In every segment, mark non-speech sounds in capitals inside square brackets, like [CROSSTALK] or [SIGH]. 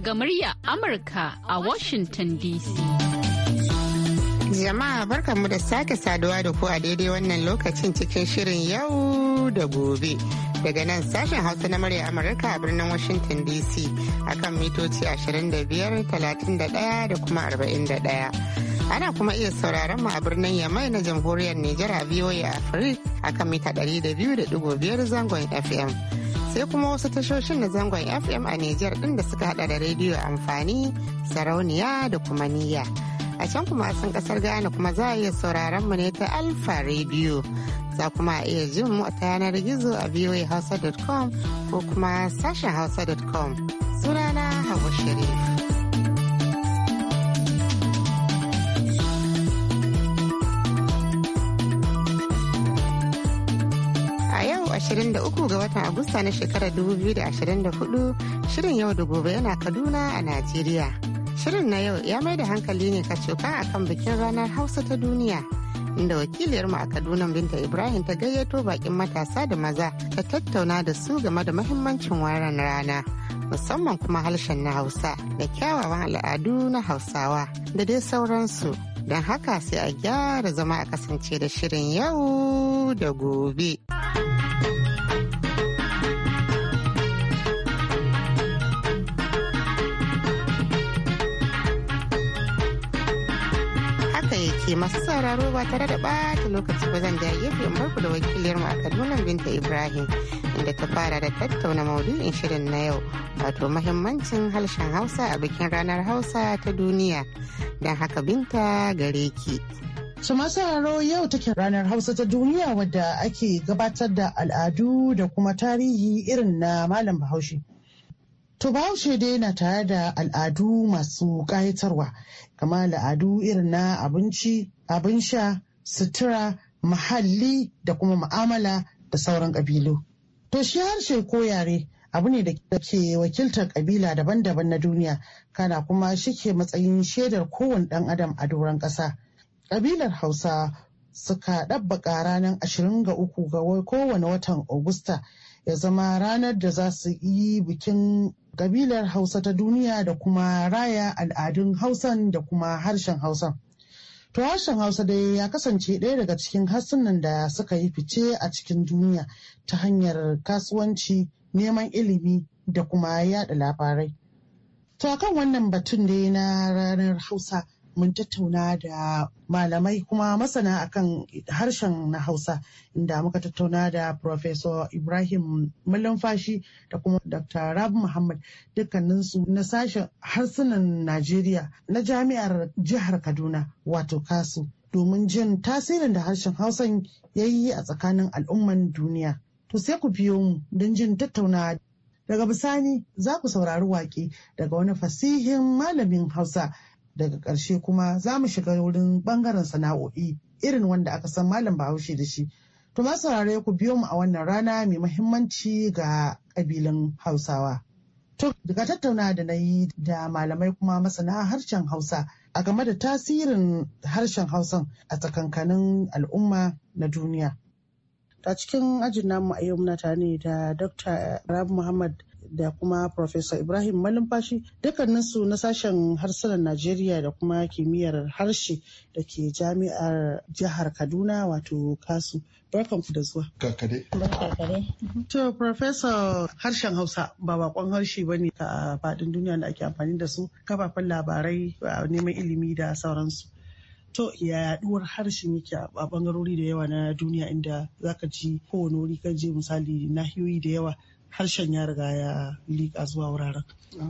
daga murya Amurka a Washington DC. Jama'a barkanmu da sake saduwa da ku a daidai wannan lokacin cikin shirin yau da gobe. Daga nan sashen Hausa na murya Amurka a birnin Washington DC akan mitoci 25,31 da kuma 41. ana kuma iya sauraron mu a birnin yamai na jamhuriyar Nijar a VOA a akan mita 200.5 zangon FM. sai kuma wasu tashoshin na zangon fm a Nijar ɗin da suka hada da rediyo amfani sarauniya da kuma niyya a can kuma sun kasar ghana kuma za a iya sauraron mu ne ta alfa radio za kuma iya jin mu ta yanar gizo a voahausa.com ko kuma sashen hausa.com sunana hawa sharif 23 ga watan Agusta na shekarar 2024 shirin yau da gobe yana Kaduna a Najeriya. Shirin na yau ya mai da hankali ne kacoka a kan bikin ranar Hausa ta duniya. Inda wakiliyarmu a Kaduna Binta Ibrahim ta gayyato bakin matasa da maza ta tattauna da su game da mahimmancin waran rana. Musamman kuma harshen na Hausa da kyawawan al'adu na Hausawa da dai sauransu. Don haka sai a gyara zama a kasance da shirin yau da gobe. yake masu sauraro ba tare da bata lokaci ba zan da gefe in barku da wakiliyar mu a Kaduna Binta Ibrahim inda ta fara da tattauna maudu'in shirin na yau wato mahimmancin harshen Hausa a bikin ranar Hausa ta duniya don haka Binta gare ki. su masu masararo yau take ranar hausa ta duniya wadda ake gabatar da al'adu da kuma tarihi irin na malam bahaushe to bahaushe dai na tare da al'adu masu ƙayatarwa kama al'adu irin na abinci abin sha sutura muhalli da kuma Ma'amala da sauran ƙabilu to shi harshe ko yare abu ne da ke wakiltar ƙabila daban-daban na duniya kana kuma shi ke matsayin shaidar kowane ɗan adam a doron ƙasa Ƙabilar hausa suka ɗabbaƙa ranar ashirin ga uku ga kowane watan Agusta ya zama ranar da za su yi bikin kabilar hausa ta duniya da kuma raya al'adun hausan da kuma harshen hausan to harshen hausa dai ya kasance ɗaya daga cikin harsunan da suka yi fice a cikin duniya ta hanyar kasuwanci neman ilimi da kuma yaɗa labarai to kan wannan batun dai na ranar hausa mun tattauna da malamai kuma masana akan harshen na Hausa inda muka tattauna da Professor Ibrahim malamfashi da kuma Dr. Rabi Muhammad dukkaninsu na sashen harsunan Najeriya na jami'ar jihar Kaduna wato Kasu domin jin tasirin da harshen Hausan ya yi a tsakanin al'umman duniya. To sai ku biyo mu don jin tattauna daga bisani za ku saurari waƙe daga wani fasihin malamin Hausa. daga ƙarshe kuma za mu shiga wurin ɓangaren sana'o'i irin wanda aka san malam bahaushe da shi to ma saurare ku biyo mu a wannan rana mai mahimmanci ga ƙabilan hausawa to daga tattauna da na yi da malamai kuma masana harshen hausa a game da tasirin harshen hausan a tsakankanin al'umma na duniya a cikin ajin namu a yau muna tare da dr rabu muhammad da kuma Professor Ibrahim Malumfashi dukkaninsu na sashen harsunan Najeriya da kuma kimiyyar harshe da ke jami'ar jihar Kaduna wato Kasu. Barkanku da zuwa. Kakade. To, Professor harshen Hausa ba bakon harshe ba ne a faɗin duniya da ake amfani da su kafafen labarai neman ilimi da sauransu. to ya yaduwar harshen yake a bangarori da yawa na duniya inda za ka ji kowane wuri kan je misali nahiyoyi da yawa harshen ya riga ya liƙa zuwa wuraren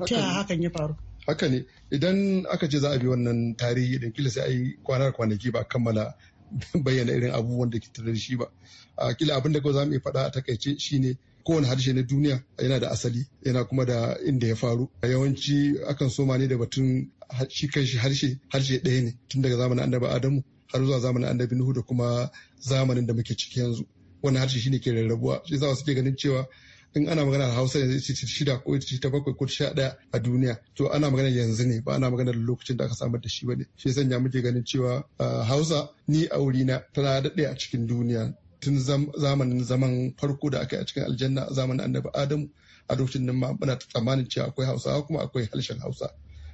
ta hakan ya faru haka ne idan aka ce za a bi wannan tarihi din kila sai a yi kwana kwanaki ba kammala [LAUGHS] bayyana irin abubuwan da ke tattare shi ba a kila abin da za mu iya faɗa a takaice shine kowane harshe na duniya yana da asali yana kuma da inda ya faru a yawanci akan soma ne da batun shi kan shi harshe harshe ɗaya ne tun daga zamanin annabi adamu har zuwa zamanin annabi nuhu da kuma zamanin da muke ciki yanzu wannan harshe shine ke rarrabuwa shi yasa suke ganin cewa in ana magana hausa ne zai ci shida ko ce ta bakwai ko sha daya a duniya to ana magana yanzu ne ba ana magana da lokacin da aka samar da shi ba ne shi sanya muke ganin cewa hausa ni a na tana daɗe a cikin duniya tun zamanin zaman farko da aka yi a cikin aljanna a zamanin annabi adamu a lokacin nan ma muna tsammanin cewa akwai Hausa kuma akwai harshen hausa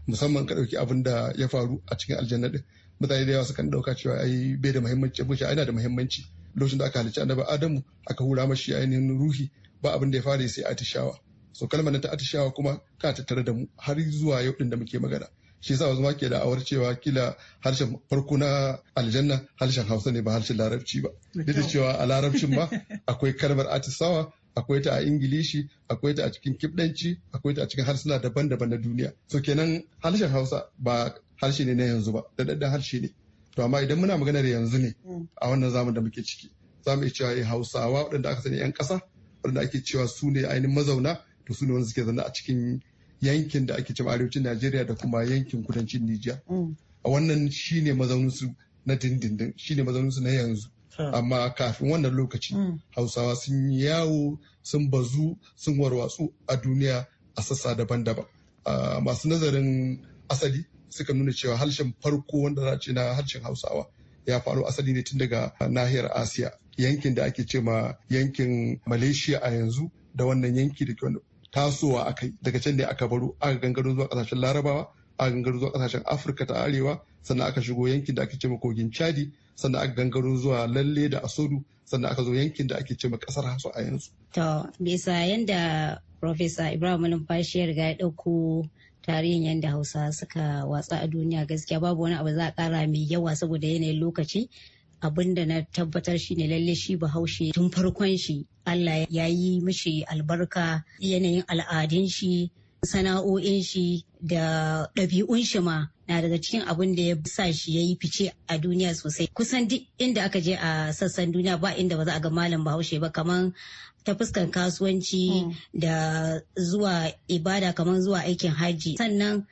musamman ka ɗauki abin da ya faru a cikin aljanna ɗin mutane da yawa sukan ɗauka cewa ai bai da muhimmanci ai yana da muhimmanci lokacin da aka halicci annabi adamu aka hura mashi ainihin ruhi ba abin da ya fara sai atishawa so kalmar na ta atishawa kuma ta tattare da mu har zuwa yau din da muke magana shi yasa wasu ke da awar cewa kila harshen farko na aljanna harshen hausa ne ba harshen larabci ba duk da cewa a larabcin ba [LAUGHS] akwai kalmar atisawa akwai ta a ingilishi akwai ta a cikin kibdanci akwai ta a cikin harsuna daban-daban na duniya so kenan harshen hausa ba harshe ne na yanzu ba Da daddan harshe ne to amma idan muna magana da yanzu ne mm. a wannan zamun da muke ciki zamu mu iya cewa eh, hausawa waɗanda aka sani 'yan ƙasa wanda ake cewa su ne ainihin mazauna to su ne wanda suke zaune a cikin yankin da ake cewa arewacin Najeriya da kuma yankin kudancin Nijiya. Mm. A wannan shi ne mazauninsu na dindindin shi ne mazauninsu na yanzu. Amma kafin wannan lokaci mm. Hausawa sun yawo sun bazu sun warwatsu a duniya a sassa daban-daban. Masu nazarin asali suka nuna cewa harshen farko wanda za ce na harshen Hausawa ya faru asali ne tun daga nahiyar Asiya yankin da ake ce ma yankin malaysia a yanzu da wannan yanki da ke tasowa aka yi daga can ne aka baro aka gangaro zuwa kasashen larabawa aka gangaro zuwa kasashen afirka ta arewa sannan aka shigo yankin da ake ce ma kogin chadi sannan aka gangaro zuwa lalle da asodu sannan aka zo yankin da ake ce ma kasar hasu a yanzu. to bisa yanda profesa ibrahim numfashi ya riga ya ɗauko tarihin yadda hausa suka watsa a duniya gaskiya babu wani abu za a kara mai yawa saboda yanayin lokaci abin da na tabbatar shi ne lalle shi bahaushe tun farkon shi Allah ya yi mishi albarka yanayin al'adun shi sana'o'in shi da ɗabi'un shi ma na daga cikin abin da ya sa shi ya yi fice a duniya sosai kusan duk inda aka je a sassan duniya ba inda ba za a ga malam bahaushe ba kaman ta fuskan kasuwanci mm. da zuwa ibada kamar zuwa aikin hajji sannan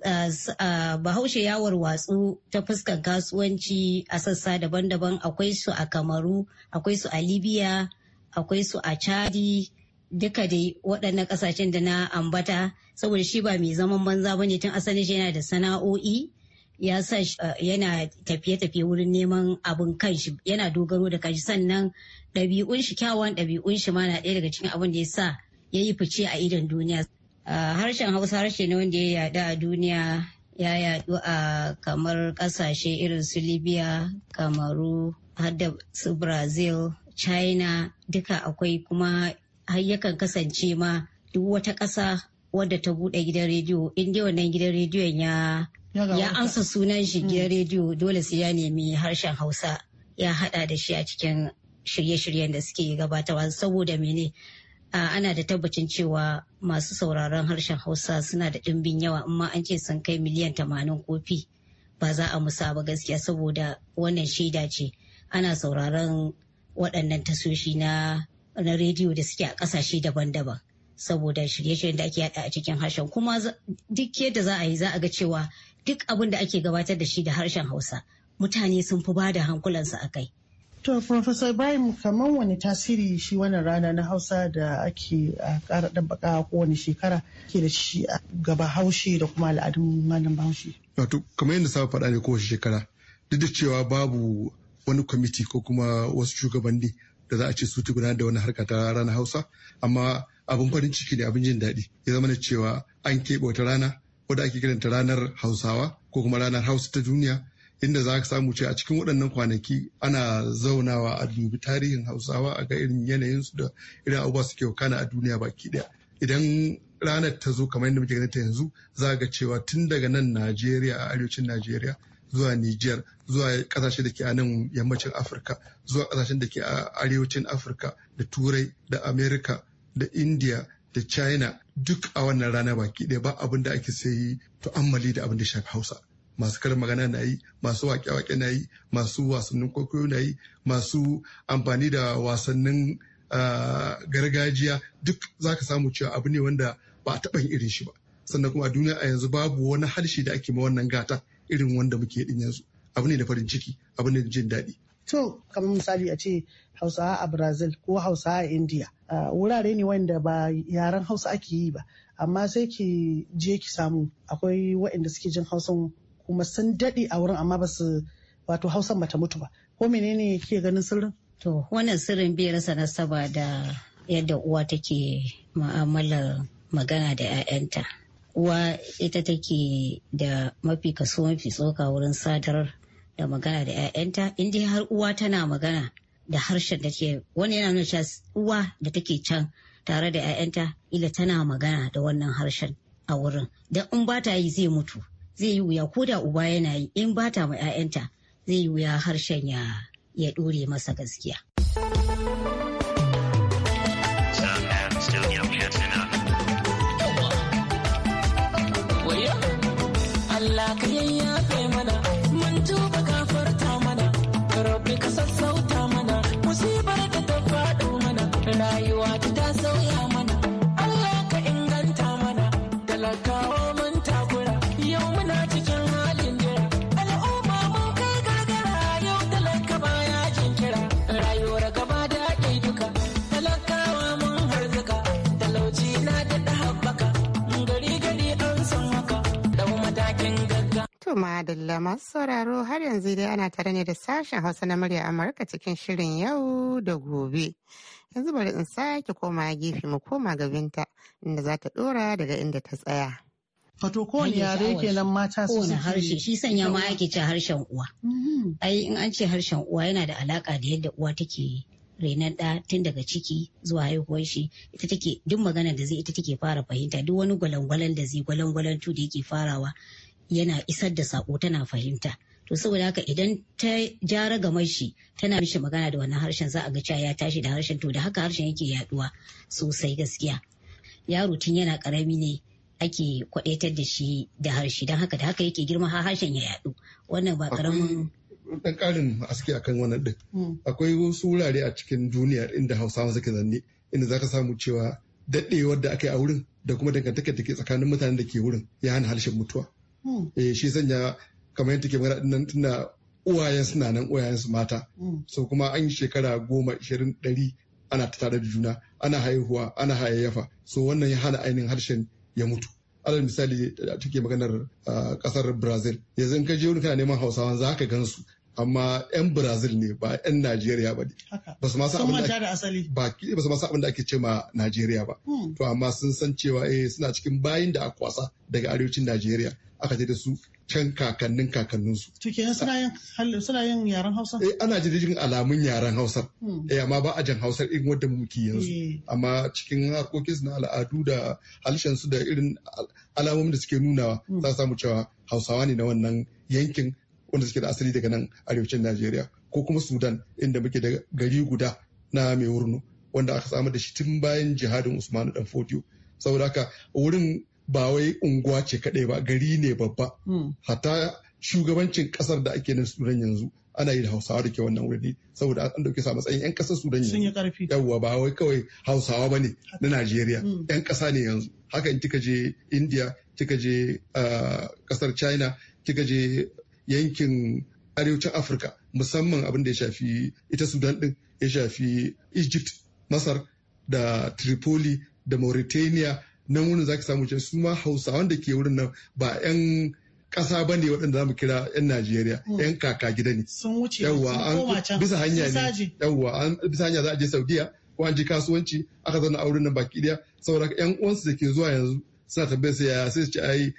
Uh, uh, bahaushe ya watsu ta fuskar kasuwanci a sassa daban-daban akwai su a kamaru akwai su a libya akwai su a chadi duka dai waɗannan ƙasashen da na ambata saboda shi ba mai zaman banza ba ne tun asalin shi yana da sana'o'i ya sa uh, yana tafiye-tafiye wurin neman abin kanshi yana dogaro da kanshi sannan ɗabi'un shi kyawawan ɗabi'un shi ma na ɗaya daga cikin abin da ya sa ya yi fice a idon duniya harshen hausa harshe ne wanda ya yada a duniya ya yadu a kamar kasashe irin su libya kamaru har da su brazil china duka akwai kuma har yakan kasance ma duk wata ƙasa wadda ta bude gidan rediyo inda wannan gidan rediyon ya ya amsa sunan shi mm. gidan rediyo dole sai ya nemi harshen hausa ya hada da shi a cikin shirye-shiryen da suke gabatawa saboda mene ana da tabbacin cewa masu sauraron harshen hausa suna da ɗimbin yawa amma an ce sun kai miliyan tamanin kofi ba za a musa ba gaskiya saboda wannan shaida ce ana sauraron waɗannan tasoshi na na rediyo da suke a ƙasashe daban-daban saboda shirye-shiryen da ake yada a cikin harshen kuma duk yadda za a yi za a ga cewa duk abin da ake gabatar da shi da harshen hausa mutane sun fi bada hankulansu a kai To, Professor Ibrahim, kamar wani tasiri shi wannan rana na Hausa da ake kara ko kowane shekara ke da shi a gaba haushe da kuma al'adun malam bahaushe. Wato, kamar yadda saba faɗa ne kowace shekara, duk da cewa babu wani kwamiti ko kuma wasu shugabanni da za a ce suti gudanar da wani harka ta ranar Hausa, amma abin farin ciki ne abin jin daɗi ya zama cewa an keɓe wata rana wadda ake kiranta ranar Hausawa ko kuma ranar Hausa ta duniya inda za ka samu ce a cikin waɗannan kwanaki ana zaunawa a dubi tarihin hausawa a ga irin yanayinsu da irin abubuwa suke wakana a duniya baki ɗaya idan ranar ta zo kamar yadda muke ganin ta yanzu za ga cewa tun daga nan najeriya a arewacin najeriya zuwa niger zuwa kasashe da ke a nan yammacin afirka zuwa kasashen da ke a arewacin afirka da turai da america da india da china duk a wannan rana baki ɗaya ba abin da ake sayi tu'ammali da abin da shafi hausa masu karin magana na yi masu wake-wake na yi masu wasannin kwaikwayo na yi masu amfani da wasannin gargajiya duk za ka samu cewa abu ne wanda ba a taɓa yin irin shi ba sannan kuma a duniya a yanzu babu wani harshe da ake ma wannan gata irin wanda muke din yanzu abu ne da farin ciki abu ne da jin daɗi. to kamar misali a ce hausawa a brazil ko hausawa a india wurare ne wanda ba yaren hausa ake yi ba amma sai ki je ki samu akwai waɗanda suke jin hausan kuma sun daɗe a wurin amma ba su wato hausan bata mutu ba ko menene ke ganin sirrin to wannan sirrin bai rasa nasaba da yadda uwa take ma'amalar magana da 'ya'yanta uwa ita take da mafi kaso mafi tsoka wurin sadar da magana da 'ya'yanta in dai har uwa tana magana da harshen da ke wani yana nuna uwa da take can tare da 'ya'yanta ila tana magana da wannan harshen a wurin don in ba ta yi zai mutu zai yi wuya ko da uba yana yi in ba ta ma 'ya'yanta zai yi wuya harshen ya ya ɗore masa gaskiya. ma da masu sauraro har yanzu dai ana tare ne da sashen Hausa na murya Amurka cikin shirin yau da gobe. Yanzu bari in sake koma gefe mu koma binta inda za ta dora daga inda ta tsaya. Fato kowane yare nan mata su ne harshe shi sanya ma ake ce harshen uwa. Mm-hmm. Ai in an ce harshen uwa yana da alaka da yadda uwa take renon ɗa tun daga ciki zuwa haihuwar shi ita take duk magana da zai ita take fara fahimta duk wani gwalangwalan da zai gwalangwalan tu da yake farawa yana isar da sako tana fahimta to saboda haka idan ta ja ragamar shi tana mishi magana da wannan harshen za a ga cewa ya tashi da harshen to da haka harshen yake yaduwa sosai gaskiya yaro tun yana karami ne ake kwadaitar da shi da harshe don haka da haka yake girma har harshen ya yadu wannan ba karamin dan karin aski akan wannan din hmm. akwai wasu wurare a cikin duniya inda hausawa suke zanne inda zaka samu cewa daɗewar da aka a wurin da kuma dangantakar da ke tsakanin mutanen da ke wurin ya hana harshen mutuwa eh shi sanya kamar yadda ke magana dinnan tana uwayen suna nan uwayen su mata mm. so kuma an yi shekara goma ishirin ɗari ana tare da juna ana haihuwa ana hayayyafa so wannan ya hana ainihin harshen ya mutu alal misali take maganar kasar ah, brazil yanzu in ka je wani kana neman hausawan za ka gansu amma 'yan brazil ne ba 'yan najeriya ba ne ba su masu abin da ake ce ma najeriya ba hmm. to amma sun san cewa eh suna cikin bayin da aka kwasa daga arewacin najeriya aka je da su can kakannin kakanninsu. To kenan suna yin yaren Hausa? Eh ana jirgin alamun yaren Hausa. Hmm. Eh amma ba a jan Hausar irin wadda muke yanzu. Eh. Amma cikin harkokin su na al'adu da halshen su da irin alamomin da suke nunawa hmm. za samu cewa Hausawa ne na wannan yankin wanda suke da asali daga nan arewacin najeriya ko kuma sudan inda muke da gari guda na mai wurnu wanda aka samar da shi tun bayan jihadin Usman dan Fodio saboda haka wurin ba wai unguwa ce kadai ba gari ne babba hmm. hatta shugabancin kasar da ake nan sudan yanzu ana yi da hausawa da ke wannan wuri saboda an dauke sa matsayin yan kasar sudan yanzu yawa ba wai kawai hausawa bane na najeriya yan hmm. kasa ne yanzu haka in kika je india kika je kasar ah, china kika je yankin arewacin afirka musamman abin da ya shafi ita sudan din ya shafi egypt masar da tripoli da mauritania nan wurin zaki samu ce su ma hausa wanda ke wurin nan ba 'yan ƙasa ba ne waɗanda za mu kira 'yan Najeriya 'yan hmm. kaka gida ne. yawwa an bisa hanya ne yawwa an bisa hanya za a je Saudiya ko an je kasuwanci aka zauna a wurin nan baki ɗaya saboda 'yan uwansu da ke zuwa yanzu suna tambayar sai yaya sai su ce ai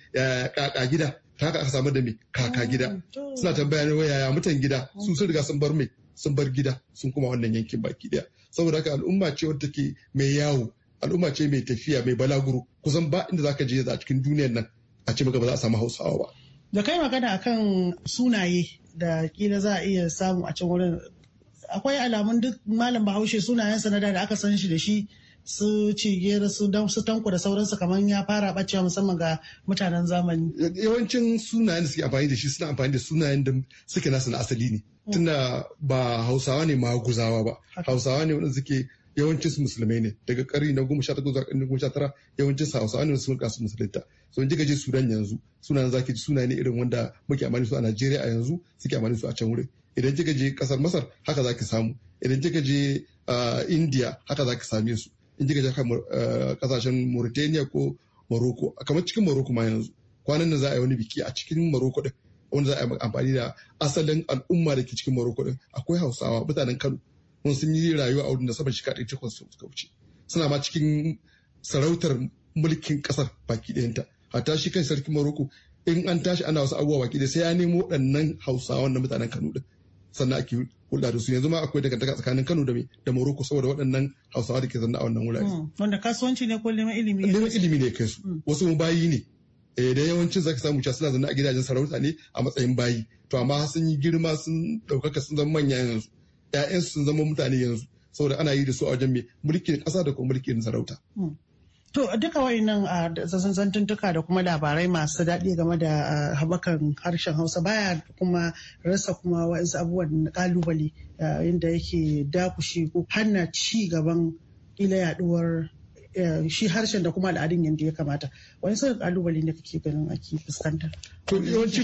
kaka gida ta haka aka samu da me kaka ah, gida suna tambaya ne yaya mutan gida ah. su sun riga sun bar me sun bar gida sun kuma wannan yankin baki daya saboda haka al'umma ce wadda take mai yawo al'umma ce mai tafiya mai balaguro kusan ba inda zaka je a cikin duniyar nan a ce maka ba za a samu hausawa ba da kai magana akan sunaye da kila za a iya samu a can wurin akwai alamun duk malam bahaushe sunayen sanada da aka san shi da shi su gera su dan su tanko da sauransu kamar ya fara bacewa musamman ga mutanen zamani yawancin sunayen da suke amfani da shi suna amfani da sunayen da suke nasu na asali ne tunda ba hausawa ne ma guzawa ba hausawa ne wanda suke yawancin su musulmai ne daga ƙari na goma sha zuwa 19 goma sha tara yawancin su hausawa ne sun kasu musulunta so in kika je sudan yanzu sunan zaki ji sunaye ne irin wanda muke amfani su a najeriya a yanzu suke amfani su a can wurin idan kika je kasar masar haka zaki samu idan kika je ah, india haka zaki same su in ji ka kasashen Mauritania ko Morocco kamar cikin Morocco ma yanzu kwanan nan za a yi wani biki a cikin Morocco din wanda za a yi amfani da asalin al'umma da ke cikin Morocco din akwai Hausawa mutanen Kano Wani sun yi rayuwa a wurin da saboda shekara ɗari su suka wuce suna ma cikin sarautar mulkin ƙasar baki ɗayanta hatta shi kan sarki Morocco in an tashi ana wasu abubuwa baki ɗaya sai ya nemo waɗannan Hausawa na mutanen Kano din sannan ake hulɗa da su yanzu ma akwai daga tsakanin Kano da da Morocco saboda waɗannan Hausawa da ke zanna a wannan wurare. Hmm. Wanda kasuwanci ne ko neman ilimi ne? Neman ilimi ne kai su. Hmm. Wasu mu bayi ne. Eh da yawancin zaka samu cewa suna zanna a gidajen sarauta ne a matsayin bayi. To amma sun yi girma sun ɗaukaka sun zama manya yanzu. ‘Ya'yansu sun zama mutane yanzu. Saboda ana yi da su a wajen mai mulkin ƙasa da kuma mulkin sarauta. Hmm. To duka wayannan zantuntuka da kuma labarai masu daɗi game da haɓakan harshen Hausa baya kuma rasa kuma wa'insu abubuwan kalubale inda yake dakushe ko hana ci gaban ila yaduwar shi harshen da kuma al'adun yadda ya kamata wani sauran kalubale ne kake ganin ake fuskanta to yawanci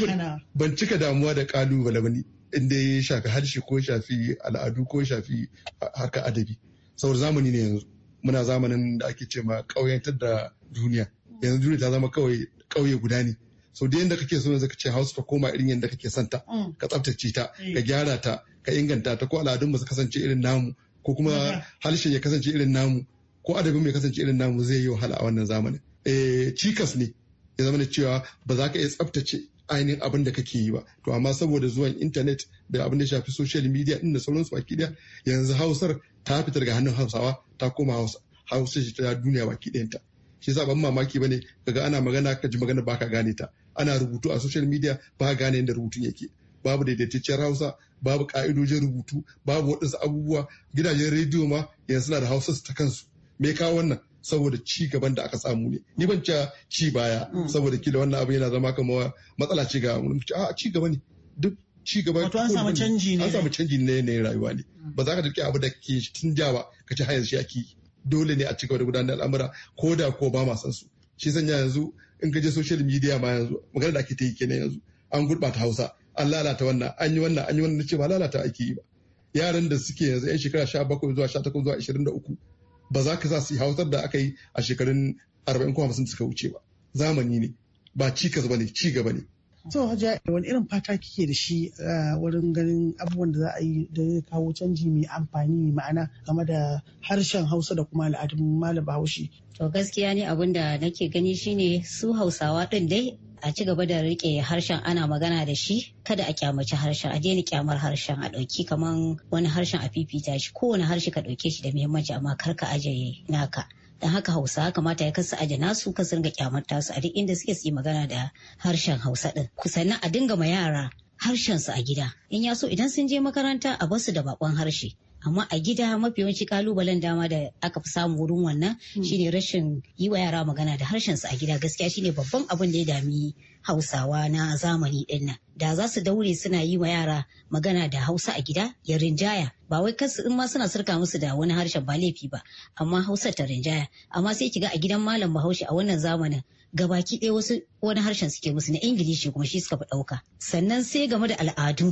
ban cika damuwa da kalubale ba inda ya shafi harshe ko shafi al'adu ko shafi haka adabi saboda zamani ne yanzu muna zamanin da ake ce ma ƙauyantar da duniya yanzu duniya ta zama kawai ƙauye guda ne so da yadda kake so zaka ce hausa ta koma irin yadda kake santa ta mm. ka tsaftace ta mm. ka gyara ta ka inganta ta ko al'adun su kasance irin namu ko kuma mm-hmm. harshen ya kasance irin namu ko adabin mai kasance irin namu zai yi wahala a wannan zamanin eh, cikas ne ya zama da cewa ba za ka iya tsaftace ainihin abin da kake yi ba to amma saboda zuwan intanet da abin da shafi social media din da sauransu baki daya yanzu hausar ta fita daga hannun hausawa ta koma hausa hausa ta duniya baki ta shi yasa ban mamaki bane kaga ana magana ka ji magana baka gane ta ana rubutu a social media ba gane yadda rubutun yake babu daidaitacciyar hausa babu ka'idojin rubutu babu waɗansu abubuwa gidajen rediyo ma yanzu suna da hausa ta kansu me kawo wannan saboda ci gaban da aka samu ne ni ban ci ci baya mm. saboda ki da wannan abu yana zama kamar matsala ci ga mu a ci gaba ne duk ci gaba wato an samu canji ne an samu canji ne ne rayuwa ne mm. ba za ka tafi abu da ke tun da ba ka ci hayar shi ki dole ne a ci gaba da gudanar da al'amura ko da ko ba ma san su shi sanya yanzu in ka je social media ma yanzu magana da ake ta yi kenan yanzu an gurɓata hausa an lalata wannan an yi wannan an yi wannan ce ba lalata ake yi ba yaran da suke yanzu yan shekara sha bakwai zuwa sha zuwa ba za ka sa su yi hausar da aka yi a shekarun 40 ko 50 suka wuce ba zamani ne ba cikas ba ne ci gaba ne so hajiya wani irin fata kike da shi eh, wurin ganin abubuwan da za a yi da ya kawo canji mai amfani ma'ana game da harshen hausa da kuma al'adun malam bahaushe to gaskiya ne abun da nake gani shine su hausawa din dai a ci gaba da rike harshen ana magana da shi kada a kyamaci harshen a daina kyamar harshen a ɗauki kaman wani harshen a fifita shi kowane harshe ka ɗauke shi da muhimmanci amma kar ka ajiye naka don haka hausa kamata ya kasu aje nasu ka ringa kyamar tasu a duk inda suke su yi magana da harshen hausa din sannan a dinga ma yara harshen su a gida in ya so idan sun je makaranta a basu da bakon harshe amma a gida mafi yawanci kalubalen dama da aka fi samu wurin wannan hmm. shine rashin yi wa yara magana da harshen su a gida gaskiya shine babban abin da ya dami hausawa na zamani din nan da za su daure suna yi wa yara magana da hausa a gida ya rinjaya ba wai kansu in ma suna sirka musu da wani harshen ba laifi ba amma hausa ta rinjaya amma sai kiga a gidan malam bahaushe a wannan zamanin gabaki ɗaya wasu wani harshen suke musu na ingilishi kuma shi suka fi ɗauka sannan sai game da al'adu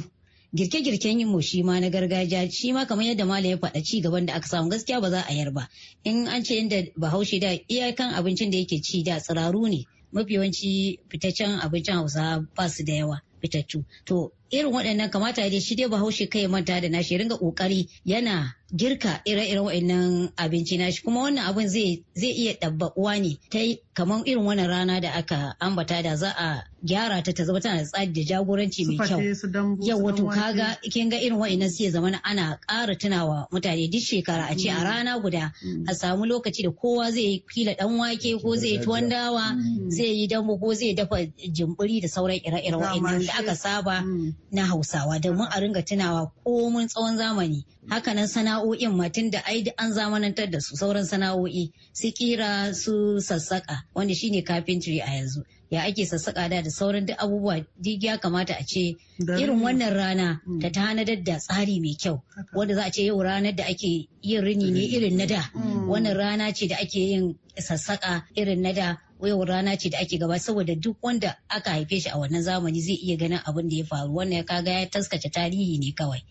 girke-girken yin shi ma na gargajiya shi ma kamar yadda malam ya faɗa ci gaban da aka samu gaskiya ba za a yar ba in an ce yadda bahaushe da iyakan abincin da yake ci da tsiraru ne mafi yawanci fitaccen abincin hausa ba su da yawa fitattu to irin waɗannan kamata dai shi dai bahaushe kai manta da nashi ringa ƙoƙari yana girka ire-iren waɗannan abinci nashi kuma wannan abin zai iya ɗabbaƙuwa ne ta kamar irin wannan rana da aka ambata da za a gyara ta ta zama tana tsari da jagoranci mai kyau yau wato kaga kin ga irin waɗannan sai zama ana ƙara tunawa mutane duk shekara a ce a mm. rana guda mm. a samu lokaci da kowa zai yi kila ɗan wake ko zai yi tuwon dawa mm. zai yi dambu ko zai dafa jimbiri da sauran ire-iren waɗannan da aka saba na hausawa domin a ringa tunawa komun tsawon zamani hakanan sana'o'in matun da ai an zamanantar da su sauran sana'o'i su kira su sassaka wanda shine carpentry a yanzu ya ake sassaka da da sauran duk abubuwa duk ya kamata a ce irin wannan rana mm. ta tanadar da tsari mai kyau wanda za a ce yau ranar da ake yin rini ne irin na da mm. wannan rana ce da ake yin sassaka irin na da yau rana ce da ake gaba saboda duk wanda aka haife shi a wannan zamani zai iya ganin abin da ya faru wannan ya kaga ya taskace tarihi ne kawai.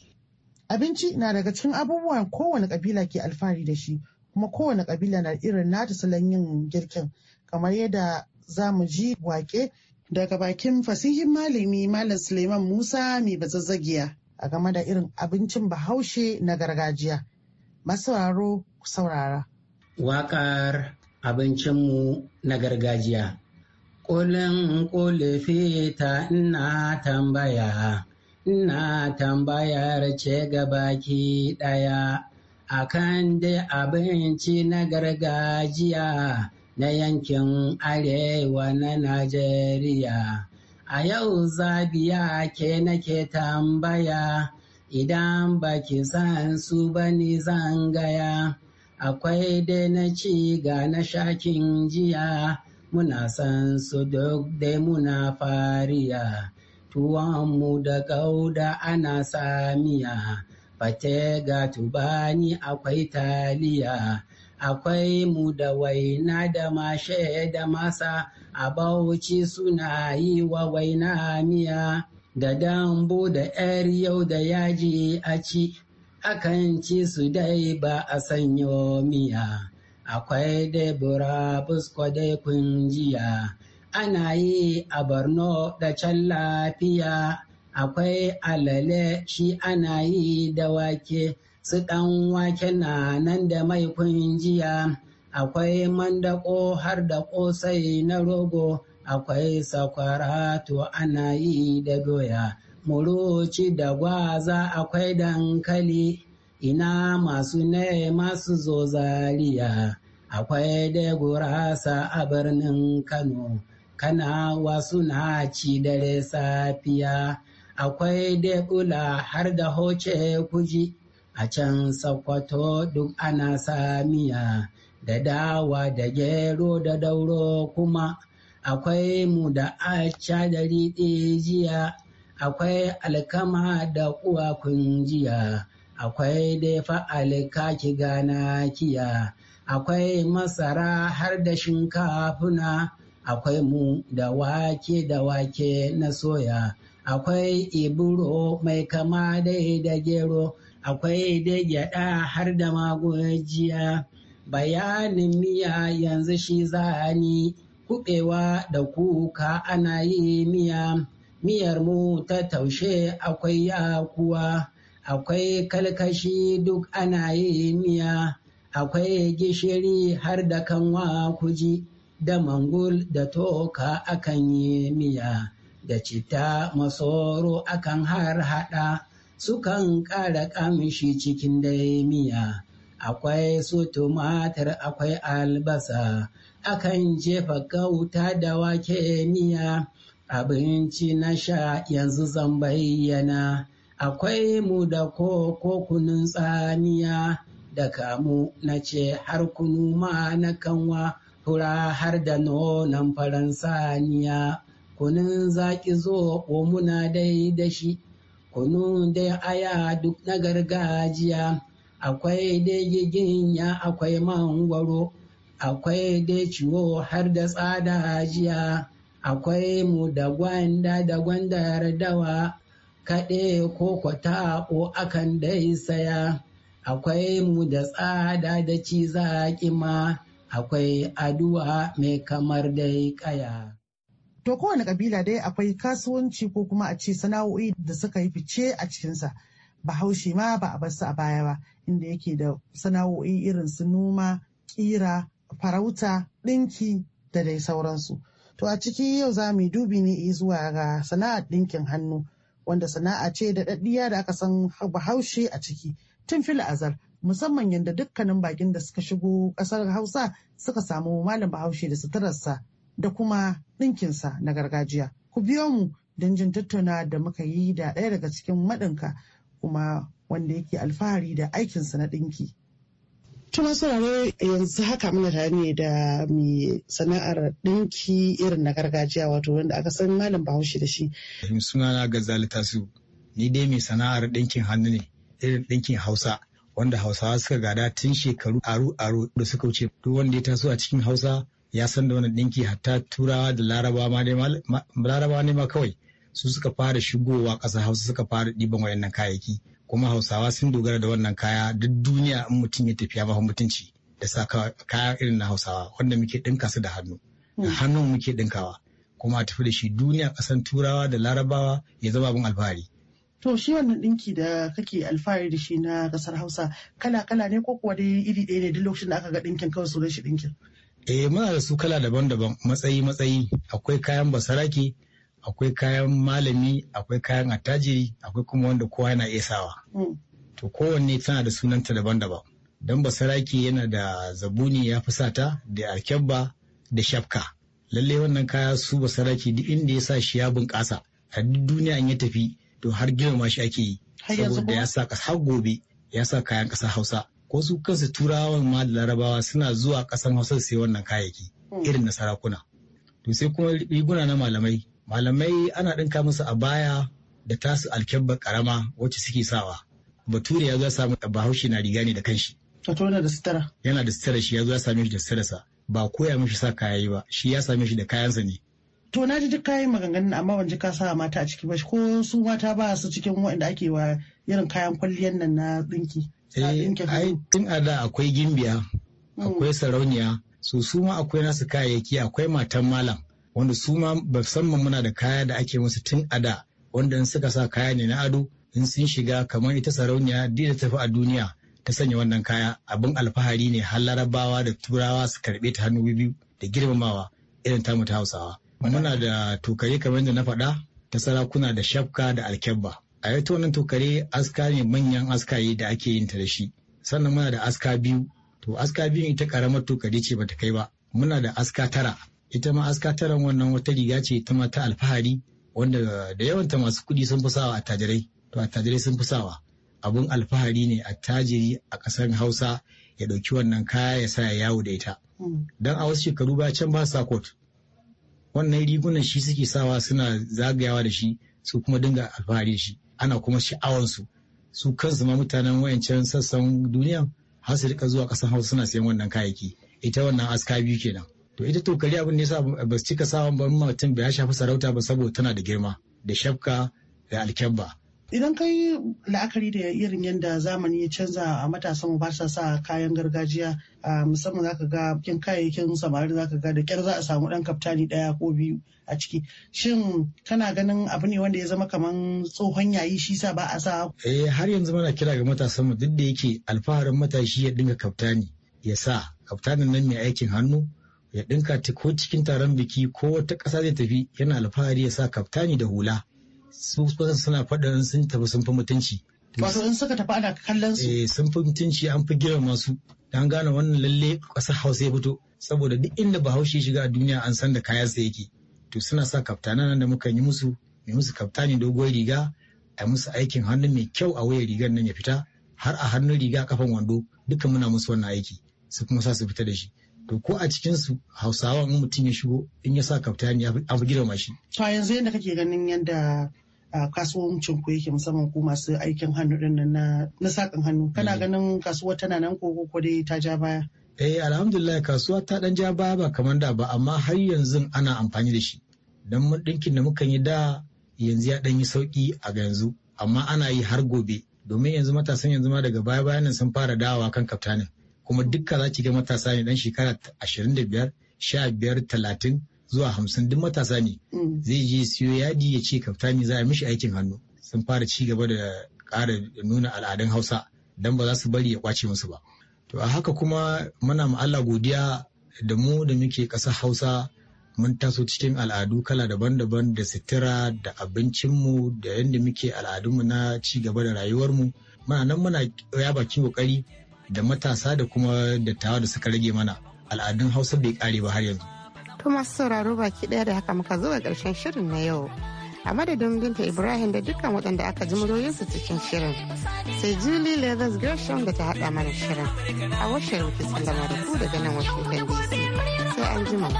Abinci na daga cikin abubuwan kowane kabila ke alfahari da shi kuma kowane kabila na irin nata salon yin girkin kamar yadda za mu ji wake daga bakin fasihin malami malam Suleiman Musa mai bazazzagiya a game da irin abincin bahaushe na gargajiya. Masu saurara. Wakar. abincinmu na gargajiya. Kulin ƙulifi ta ina tambaya, ina tambayar ce gabaki ɗaya, akan da abinci na gargajiya na yankin arewa na Najeriya. A yau zabiya ke nake tambaya, idan baki san su bani zangaya. gaya. akwai dai na ci ga na shakin jiya muna san su duk dai muna fariya Tuwon mu da gauda ana samiya fate ga tubani akwai taliya akwai mu da waina da mashe da masa a bauchi suna yi wa waina miya da dambu da yar yau da yaji a ci akan ci su dai ba a sanyo miya akwai debora busko da kunjiya ana yi a borno da can lafiya akwai alale shi ana yi da wake su ɗan wake na nan da mai kunjiya akwai mandako har da ƙosai na rogo akwai sakwara to ana yi da doya muruci da gwaza akwai dankali ina masu ne masu zozariya. akwai dai gurasa a birnin kano wasu suna ci dare safiya akwai dai ula har da hoce kuji a can sakwato duk ana samiya da dawa da gero da dauro kuma akwai mu da acca da jiya akwai alkama da kuwa jiya akwai defa ki gana kiya akwai masara har da shinkafuna akwai mu da wake da wake na soya akwai iburo mai kama dai da gero akwai dai gyada har da magojiya bayanin miya yanzu shi zani kuɓewa da kuka ana yi miya miyar mu ta taushe akwai yakuwa akwai kalkashi duk ana yi miya akwai gishiri har da kanwa kuji da mangul da toka akan yi miya da citta masoro akan har hada sukan ƙara ƙamshi cikin dai miya akwai su tumatir akwai albasa akan jefa gauta da wake miya abinci na sha yanzu zan bayyana akwai mu da koko kunun tsaniya da kamu na ce har kunu ma na kanwa hura har da nonon faransaniya kunun zaki zo muna dai da shi kunun dai aya duk na gargajiya akwai dai giginya akwai mangwaro akwai dai ciwo har da tsada jiya akwai mu da gwanda da gwandar dawa kaɗe ko kwata ko akan dai saya akwai mu da tsada da ciza ma akwai aduwa mai kamar dai kaya. To kowane ƙabila dai akwai kasuwanci ko kuma a ce sana'o'i da suka yi fice a cikinsa. Bahaushe ma ba a basu a baya ba inda yake da sana'o'i irin su noma, ƙira, farauta, ɗinki da dai sauransu. To a ciki yau za mu yi dubi ne zuwa ga sana'ar ɗinkin hannu wanda sana'a ce da ɗaɗɗiya da aka san bahaushe a ciki tun fil azar musamman yadda dukkanin bakin da suka shigo ƙasar Hausa suka samu malam bahaushe da suturarsa da kuma ɗinkinsa na gargajiya. Ku biyo mu don jin tattauna da muka yi da ɗaya daga cikin maɗinka kuma wanda yake alfahari da aikinsa na ɗinki. Tuma saurare yanzu haka muna tare ne da mai sana'ar ɗinki irin na gargajiya wato wanda aka san malam bahaushe da shi. Suna Sunana Gazali Tasu, ni dai mai sana'ar ɗinkin hannu ne, irin ɗinkin Hausa. Wanda Hausawa suka gada tun shekaru aru-aru da suka wuce. Duk wanda ya taso a cikin Hausa ya san da wani ɗinki hatta Turawa da Larabawa ne ma kawai. Su suka fara shigowa ƙasar Hausa suka fara ɗiban wayannan kayayyaki. kuma hausawa sun dogara da wannan kaya duk duniya in mutum ya tafiya mafi mutunci da sa kaya irin na hausawa wanda muke ɗinka su da hannu da mm. hannun muke ɗinkawa kuma a tafi da shi duniya ƙasan turawa da larabawa ya zama abin alfahari To shi wannan ɗinki da kake alfahari da shi na ƙasar Hausa kala-kala ne ko kuwa dai iri ɗaya ne duk lokacin da aka ga ɗinkin kawai su shi ɗinkin? Eh muna da su kala daban-daban matsayi-matsayi akwai kayan basarake akwai kayan malami akwai kayan attajiri akwai kuma wanda kowa yana iya sawa hmm. to kowanne tana da sunanta daban-daban don basaraki yana da zabuni ya fi sata da alkyabba da shafka lallai wannan kaya su ba saraki duk inda ya sa shi ya bunƙasa a duk duniya in ya tafi to har girma shi ake yi saboda ya sa har gobe ya sa kayan ƙasa hausa ko su kansu turawan ma da larabawa suna zuwa ƙasan hausa su sai wannan kayayyaki hmm. irin na sarakuna to sai kuma riguna na malamai malamai ana ɗinka musu a baya da tasu alkyabba karama wacce suke sawa bature ya zo samu bahaushe na riga ne da kanshi to yana da sitara yana da sitara shi ya zo ya same shi da suturarsa ba koya mishi sa kaya ba shi ya same shi da kayansa ne to na ji duk kayan maganganun amma ban ji ka sa mata a ciki ba ko su mata ba su cikin waɗanda ake wa irin kayan kwalliyan nan na dinki eh ai tun a da akwai gimbiya mm. akwai sarauniya su su ma akwai nasu kayayyaki akwai matan malam wanda su ma musamman muna da kaya da ake musu tun a da wanda in suka sa kaya ne na ado in sun shiga kamar ita sarauniya da ta tafi a duniya ta sanya wannan kaya abin alfahari ne har larabawa da turawa su karbe ta hannu biyu da girmamawa irin tamu ta hausawa muna da tokare kamar da na faɗa ta sarakuna da shafka da alkyabba a yato wannan tokare aska ne manyan askaye da ake yin ta da shi sannan muna da aska biyu to aska biyu ita karamar tokare ce bata kai ba muna da aska tara ita ma askataran wannan wata riga ce ta mata alfahari wanda da yawanta masu kuɗi sun fi sawa attajirai to attajirai sun fi sawa abun alfahari ne attajiri a ƙasar hausa ya ɗauki wannan kaya ya sa ya yawo da ita hmm. don a wasu shekaru ba can ba sa kot wannan rigunan shi suke sawa suna zagayawa da shi su kuma dinga alfahari da shi ana kuma sha'awansu su kansu ma mutanen wayancan sassan duniya har su rika zuwa ƙasar hausa suna sayan wannan kayayyaki ita wannan aska biyu kenan to ita tokari abin da yasa ba su cika sawan ba mutum bai shafi sarauta ba saboda tana da girma da shafka da alkyabba idan ka la'akari da irin yadda zamani ya canza a matasan ba sa sa kayan gargajiya musamman zaka ga kin kayayyakin samari zaka ga da kyar za a samu dan kaftani daya ko biyu a ciki shin kana ganin abu ne wanda ya zama kamar tsohon yayi shi sa ba a sa eh har yanzu muna kira ga matasan mu duk da yake alfaharin matashi ya dinga kaftani ya sa kaftanin nan mai aikin hannu ya ɗinka ta ko cikin taron biki ko wata ƙasa zai tafi yana alfahari ya sa kaftani da hula su suna faɗin sun tafi sun fi mutunci. Wato in suka tafi ana kallon su. Eh sun fi mutunci an fi girma masu da an gane wannan lalle ƙasar Hausa ya fito saboda duk inda Bahaushe shiga a duniya an san da sa yake. To suna sa kaftana nan da muka yi musu mai musu kaftani doguwar riga a musu aikin hannu mai kyau a wayar rigar nan ya fita har a hannun riga kafan wando duka muna musu wannan aiki su kuma sa su fita da shi. to ko a cikin su hausawa in mutum ya shigo in ya sa kaftani abu da mashi. to yanzu yadda kake ganin yadda kasuwancin ku yake musamman ku masu aikin hannu din na na sakan hannu kana mm. ganin kasuwa tana nan ko ko dai ta ja baya eh alhamdulillah kasuwa ta dan ja baya ba kamar da ba amma har yanzu ana amfani da shi dan mun dinkin da mukan yi da yanzu ya dan yi sauki a yanzu amma ana yi har gobe domin yanzu matasan yanzu ma daga baya bayan sun fara dawa kan kaftanin kuma dukka za ki ga matasa ne dan shekara ashirin da biyar sha biyar talatin zuwa hamsin duk matasa ne mm. zai je siyo yadi ya ce kaftani za a mishi aikin hannu sun fara ci gaba da ƙara nuna al'adun hausa dan ba za su bari ya kwace musu ba to a haka kuma muna ma Allah godiya da mu da muke ƙasar hausa mun taso cikin al'adu kala daban-daban da sitira da abincinmu da yadda muke al'adunmu na ci gaba da rayuwarmu muna nan muna ya bakin kokari da matasa da kuma dattawa da suka rage mana al'adun hausa bai kare ba har yanzu. To masu sauraro baki ɗaya da haka muka zo ga ƙarshen shirin na yau. a madadin binta ibrahim da dukkan waɗanda aka ji muryoyinsu cikin shirin sai julie leathers gershon da ta haɗa mana shirin a washe rufe sallama da ku daga nan kan dc sai an jima.